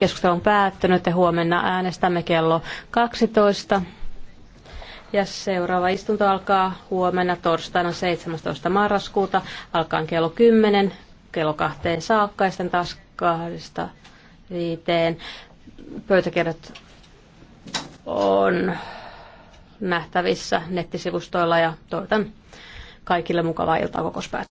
Keskustelu on päättynyt ja huomenna äänestämme kello 12. Ja seuraava istunto alkaa huomenna torstaina 17. marraskuuta. Alkaa kello 10, kello 2 saakka ja sitten taas 2 viiteen. Pöytäkirjat on nähtävissä nettisivustoilla ja toivotan kaikille mukavaa iltaa kokouspäätä.